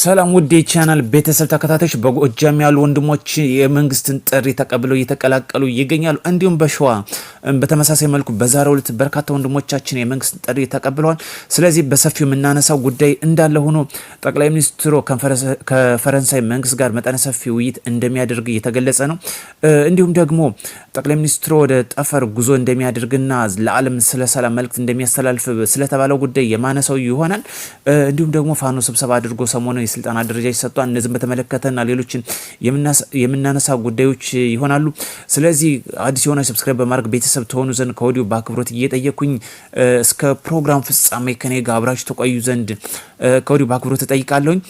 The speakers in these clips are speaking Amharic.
ሰላም ውድ የቻናል ቤተሰብ ተከታታዮች፣ በጎጃም ያሉ ወንድሞች የመንግስትን ጥሪ ተቀብለው እየተቀላቀሉ ይገኛሉ። እንዲሁም በሸዋ በተመሳሳይ መልኩ በዛሬው ዕለት በርካታ ወንድሞቻችን የመንግስትን ጥሪ ተቀብለዋል። ስለዚህ በሰፊው የምናነሳው ጉዳይ እንዳለ ሆኖ ጠቅላይ ሚኒስትሩ ከፈረንሳይ መንግስት ጋር መጠነ ሰፊ ውይይት እንደሚያደርግ እየተገለጸ ነው። እንዲሁም ደግሞ ጠቅላይ ሚኒስትሩ ወደ ጠፈር ጉዞ እንደሚያደርግና ለዓለም ስለ ሰላም መልእክት እንደሚያስተላልፍ ስለተባለው ጉዳይ የማነሳው ይሆናል። እንዲሁም ደግሞ ፋኖ ስብሰባ አድርጎ ሰሞኑ የስልጣን አደረጃጀት ሰጥቷል። እነዚህም በተመለከተና ሌሎችን የምናነሳ ጉዳዮች ይሆናሉ። ስለዚህ አዲስ የሆነ ሰብስክራይብ በማድረግ ቤተሰብ ተሆኑ ዘንድ ከወዲሁ በአክብሮት እየጠየኩኝ እስከ ፕሮግራም ፍጻሜ ከኔ ጋር አብራችሁ ተቆዩ ዘንድ ከወዲሁ በአክብሮት እጠይቃለሁኝ።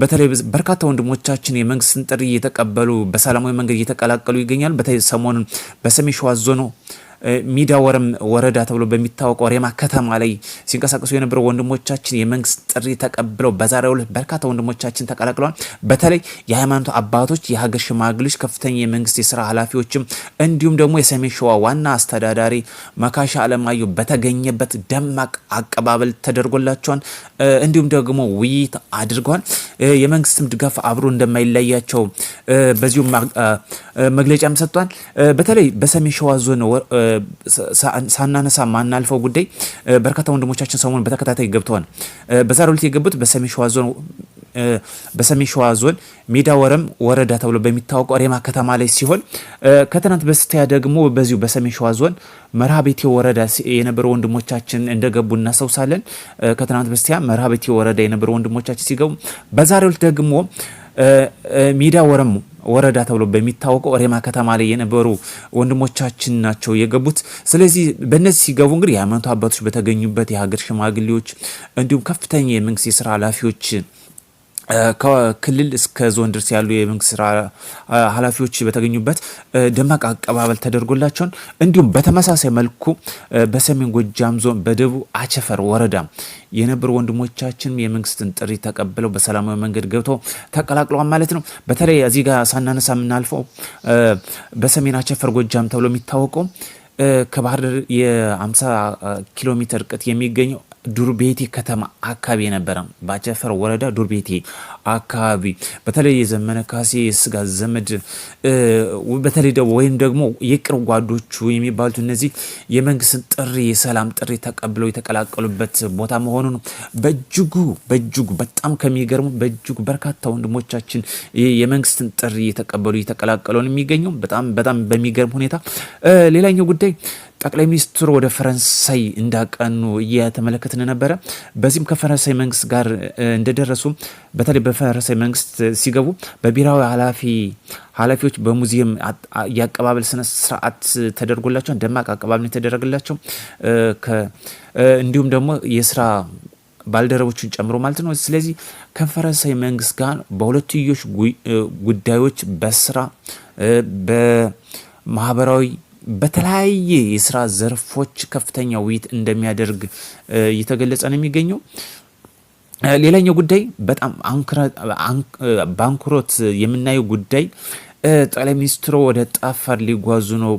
በተለይ በርካታ ወንድሞቻችን የመንግስትን ጥሪ እየተቀበሉ በሰላማዊ መንገድ እየተቀላቀሉ ይገኛሉ። በተለይ ሰሞኑን በሰሜን ሸዋ ዞን ሚዳ ወረም ወረዳ ተብሎ በሚታወቀው ሬማ ከተማ ላይ ሲንቀሳቀሱ የነበሩ ወንድሞቻችን የመንግስት ጥሪ ተቀብለው በዛሬው ዕለት በርካታ ወንድሞቻችን ተቀላቅለዋል። በተለይ የሃይማኖት አባቶች፣ የሀገር ሽማግሌዎች፣ ከፍተኛ የመንግስት የስራ ኃላፊዎችም እንዲሁም ደግሞ የሰሜን ሸዋ ዋና አስተዳዳሪ መካሻ አለማየሁ በተገኘበት ደማቅ አቀባበል ተደርጎላቸዋል። እንዲሁም ደግሞ ውይይት አድርገዋል። የመንግስትም ድጋፍ አብሮ እንደማይለያቸው በዚሁም መግለጫም ሰጥቷል። በተለይ በሰሜን ሸዋ ዞን ሳናነሳ ማናልፈው ጉዳይ በርካታ ወንድሞቻችን ሰሞኑን በተከታታይ ገብተዋል። በዛሬው ዕለት የገቡት በሰሜን ሸዋ ዞን በሰሜን ሸዋ ዞን ሜዳ ወረም ወረዳ ተብሎ በሚታወቀው ሬማ ከተማ ላይ ሲሆን ከትናንት በስቲያ ደግሞ በዚሁ በሰሜን ሸዋ ዞን መርሃ ቤቴ ወረዳ የነበሩ ወንድሞቻችን እንደገቡ እናስታውሳለን። ከትናንት በስቲያ መርሃ ቤቴ ወረዳ የነበሩ ወንድሞቻችን ሲገቡ በዛሬው ዕለት ደግሞ ሜዳ ወረም ወረዳ ተብሎ በሚታወቀው ሬማ ከተማ ላይ የነበሩ ወንድሞቻችን ናቸው የገቡት። ስለዚህ በእነዚህ ሲገቡ እንግዲህ የሃይማኖት አባቶች በተገኙበት የሀገር ሽማግሌዎች እንዲሁም ከፍተኛ የመንግስት የስራ ኃላፊዎች ከክልል እስከ ዞን ድረስ ያሉ የመንግስት ስራ ኃላፊዎች በተገኙበት ደማቅ አቀባበል ተደርጎላቸውን እንዲሁም በተመሳሳይ መልኩ በሰሜን ጎጃም ዞን በደቡብ አቸፈር ወረዳ የነበሩ ወንድሞቻችን የመንግስትን ጥሪ ተቀብለው በሰላማዊ መንገድ ገብተው ተቀላቅለዋል ማለት ነው። በተለይ እዚህ ጋር ሳናነሳ የምናልፈው በሰሜን አቸፈር ጎጃም ተብሎ የሚታወቀው ከባህር ዳር የ50 ኪሎ ሜትር ርቀት የሚገኘው ዱርቤቴ ከተማ አካባቢ የነበረ በአቸፈር ወረዳ ዱርቤቴ አካባቢ በተለይ የዘመነ ካሴ የስጋ ዘመድ በተለይ ወይም ደግሞ የቅርብ ጓዶቹ የሚባሉት እነዚህ የመንግስትን ጥሪ የሰላም ጥሪ ተቀብለው የተቀላቀሉበት ቦታ መሆኑ በእጅጉ በእጅጉ በጣም ከሚገርሙ በእጅጉ በርካታ ወንድሞቻችን የመንግስትን ጥሪ የተቀበሉ ነው የሚገኘው በጣም በጣም በሚገርም ሁኔታ ሌላኛው ጉዳይ ጠቅላይ ሚኒስትሩ ወደ ፈረንሳይ እንዳቀኑ እየተመለከተ ተመለከትን ነበረ። በዚህም ከፈረንሳይ መንግስት ጋር እንደደረሱ በተለይ በፈረንሳይ መንግስት ሲገቡ በብሔራዊ ኃላፊ ኃላፊዎች በሙዚየም የአቀባበል ስነ ስርዓት ተደርጎላቸው ደማቅ አቀባበል የተደረገላቸው እንዲሁም ደግሞ የስራ ባልደረቦችን ጨምሮ ማለት ነው። ስለዚህ ከፈረንሳይ መንግስት ጋር በሁለትዮሽ ጉዳዮች በስራ በማህበራዊ በተለያየ የስራ ዘርፎች ከፍተኛ ውይይት እንደሚያደርግ እየተገለጸ ነው የሚገኘው። ሌላኛው ጉዳይ በጣም ባንክሮት የምናየው ጉዳይ ጠቅላይ ሚኒስትሩ ወደ ጠፈር ሊጓዙ ነው፣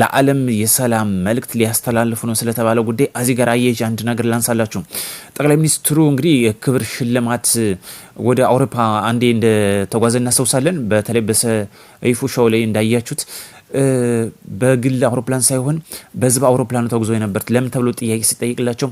ለዓለም የሰላም መልእክት ሊያስተላልፉ ነው ስለተባለ ጉዳይ እዚህ ጋር አየዥ አንድ ነገር ላንሳላችሁ። ጠቅላይ ሚኒስትሩ እንግዲህ የክብር ሽልማት ወደ አውሮፓ አንዴ እንደተጓዘ እናስታውሳለን። በተለይ በሰይፉ ሾው ላይ እንዳያችሁት በግል አውሮፕላን ሳይሆን በህዝብ አውሮፕላኑ ተጉዞ የነበርት ለምን ተብሎ ጥያቄ ሲጠይቅላቸው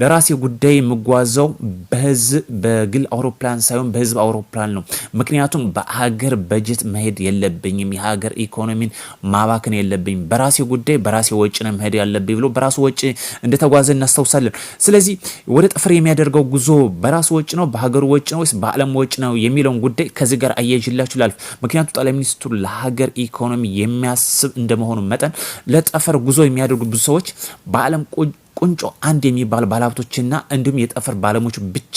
ለራሴ ጉዳይ የምጓዘው በህዝብ በግል አውሮፕላን ሳይሆን በህዝብ አውሮፕላን ነው። ምክንያቱም በሀገር በጀት መሄድ የለብኝም፣ የሀገር ኢኮኖሚን ማባክን የለብኝም። በራሴ ጉዳይ በራሴ ወጪ ነው መሄድ ያለብኝ ብሎ በራሱ ወጪ እንደተጓዘ እናስታውሳለን። ስለዚህ ወደ ጠፈር የሚያደርገው ጉዞ በራሱ ወጪ ነው፣ በሀገሩ ወጪ ነው ወይስ በዓለም ወጪ ነው የሚለውን ጉዳይ ከዚህ ጋር አያይዤላችሁ ላልፍ። ምክንያቱም ጠቅላይ ሚኒስትሩ ለሀገር ኢኮኖሚ የሚያ የሚያስብ እንደመሆኑ መጠን ለጠፈር ጉዞ የሚያደርጉ ብዙ ሰዎች በዓለም ቁንጮ አንድ የሚባል ባለሀብቶችና እንዲሁም የጠፈር ባለሙያዎች ብቻ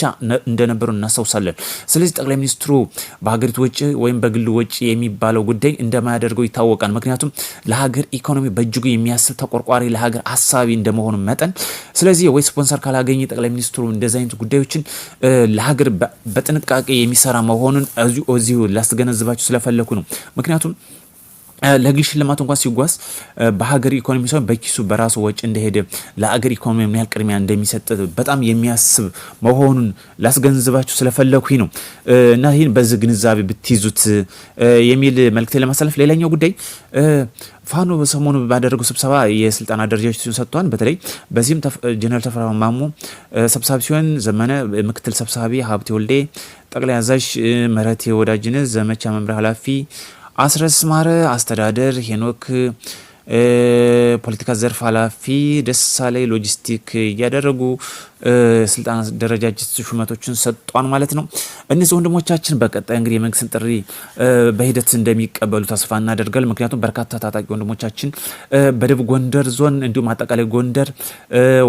እንደነበሩ እናስታውሳለን። ስለዚህ ጠቅላይ ሚኒስትሩ በሀገሪቱ ወጪ ወይም በግል ወጪ የሚባለው ጉዳይ እንደማያደርገው ይታወቃል። ምክንያቱም ለሀገር ኢኮኖሚ በእጅጉ የሚያስብ ተቆርቋሪ፣ ለሀገር አሳቢ እንደመሆኑ መጠን ስለዚህ ወይ ስፖንሰር ካላገኘ ጠቅላይ ሚኒስትሩ እንደዚህ አይነት ጉዳዮችን ለሀገር በጥንቃቄ የሚሰራ መሆኑን እዚሁ ላስገነዝባችሁ ስለፈለኩ ነው። ምክንያቱም ለግል ሽልማት እንኳን ሲጓዝ በሀገር ኢኮኖሚ ሳይሆን በኪሱ በራሱ ወጪ እንደሄደ ለአገር ኢኮኖሚ ምን ያህል ቅድሚያ እንደሚሰጥ በጣም የሚያስብ መሆኑን ላስገንዝባችሁ ስለፈለኩኝ ነው እና ይህን በዚህ ግንዛቤ ብትይዙት የሚል መልክት ለማሳለፍ። ሌላኛው ጉዳይ ፋኖ ሰሞኑ ባደረገው ስብሰባ የስልጠና ደረጃዎች ሰጥቷል። በተለይ በዚህም ጀነራል ተፈራ ማሞ ሰብሳቢ ሲሆን ዘመነ ምክትል ሰብሳቢ፣ ሀብቴ ወልዴ ጠቅላይ አዛዥ፣ ምህረት ወዳጅነት ዘመቻ መምሪያ ኃላፊ አስረስ ማረ አስተዳደር፣ ሄኖክ ፖለቲካ ዘርፍ ኃላፊ፣ ደሳለኝ ሎጂስቲክ እያደረጉ ስልጣን ደረጃጀት ሹመቶችን ሰጧን ማለት ነው። እነዚህ ወንድሞቻችን በቀጣይ እንግዲህ የመንግስትን ጥሪ በሂደት እንደሚቀበሉ ተስፋ እናደርጋል። ምክንያቱም በርካታ ታጣቂ ወንድሞቻችን በደቡብ ጎንደር ዞን እንዲሁም አጠቃላይ ጎንደር፣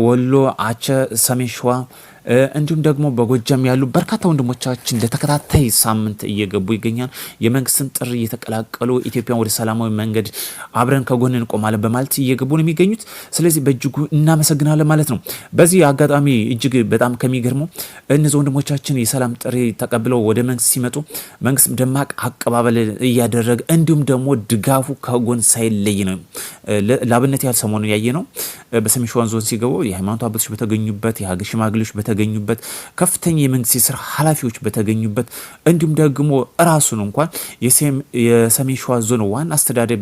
ወሎ፣ አቸ፣ ሰሜን ሸዋ እንዲሁም ደግሞ በጎጃም ያሉ በርካታ ወንድሞቻችን ለተከታታይ ሳምንት እየገቡ ይገኛል። የመንግስትን ጥሪ እየተቀላቀሉ ኢትዮጵያን ወደ ሰላማዊ መንገድ አብረን ከጎን እንቆማለን በማለት እየገቡ ነው የሚገኙት። ስለዚህ በእጅጉ እናመሰግናለን ማለት ነው። በዚህ አጋጣሚ እጅግ በጣም ከሚገርመው እነዚህ ወንድሞቻችን የሰላም ጥሪ ተቀብለው ወደ መንግስት ሲመጡ መንግስት ደማቅ አቀባበል እያደረገ እንዲሁም ደግሞ ድጋፉ ከጎን ሳይለይ ነው። ለአብነት ያህል ሰሞኑን ያየ ነው በሰሜን ሸዋ ዞን ሲገቡ የሃይማኖት አባቶች በተገኙበት የሀገር ሽማግሌዎች በተ በተገኙበት ከፍተኛ የመንግስት የስራ ኃላፊዎች በተገኙበት እንዲሁም ደግሞ ራሱን እንኳን የሰሜን ሸዋ ዞን ዋና አስተዳደር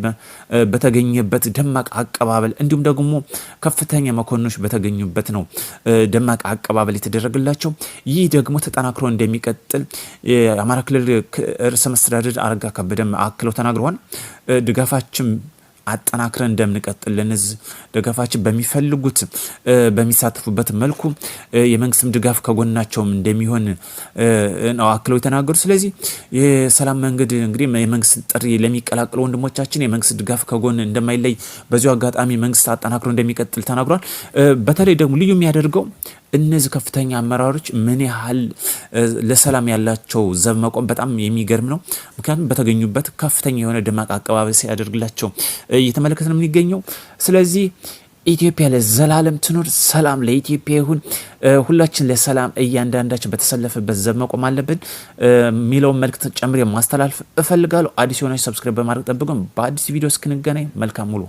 በተገኘበት ደማቅ አቀባበል እንዲሁም ደግሞ ከፍተኛ መኮንኖች በተገኙበት ነው ደማቅ አቀባበል የተደረገላቸው። ይህ ደግሞ ተጠናክሮ እንደሚቀጥል የአማራ ክልል ርዕሰ መስተዳድር አረጋ ከበደ አክለው ተናግረዋል። ድጋፋችን አጠናክረን እንደምንቀጥልን ዝ ደጋፋችን በሚፈልጉት በሚሳተፉበት መልኩ የመንግስትም ድጋፍ ከጎናቸውም እንደሚሆን ነው አክለው የተናገሩ። ስለዚህ የሰላም መንገድ እንግዲህ የመንግስት ጥሪ ለሚቀላቀሉ ወንድሞቻችን የመንግስት ድጋፍ ከጎን እንደማይለይ በዚሁ አጋጣሚ መንግስት አጠናክሮ እንደሚቀጥል ተናግሯል። በተለይ ደግሞ ልዩ የሚያደርገው እነዚህ ከፍተኛ አመራሮች ምን ያህል ለሰላም ያላቸው ዘብ መቆም በጣም የሚገርም ነው። ምክንያቱም በተገኙበት ከፍተኛ የሆነ ደማቅ አቀባበል ሲያደርግላቸው እየተመለከት ነው የሚገኘው። ስለዚህ ኢትዮጵያ ለዘላለም ትኑር። ሰላም ለኢትዮጵያ ይሁን። ሁላችን ለሰላም እያንዳንዳችን በተሰለፈበት ዘብ መቆም አለብን የሚለውን መልእክት ጨምሬ ማስተላለፍ እፈልጋለሁ። አዲስ የሆነች ሰብስክራይብ በማድረግ ጠብቁን። በአዲስ ቪዲዮ እስክንገናኝ መልካም ውሎ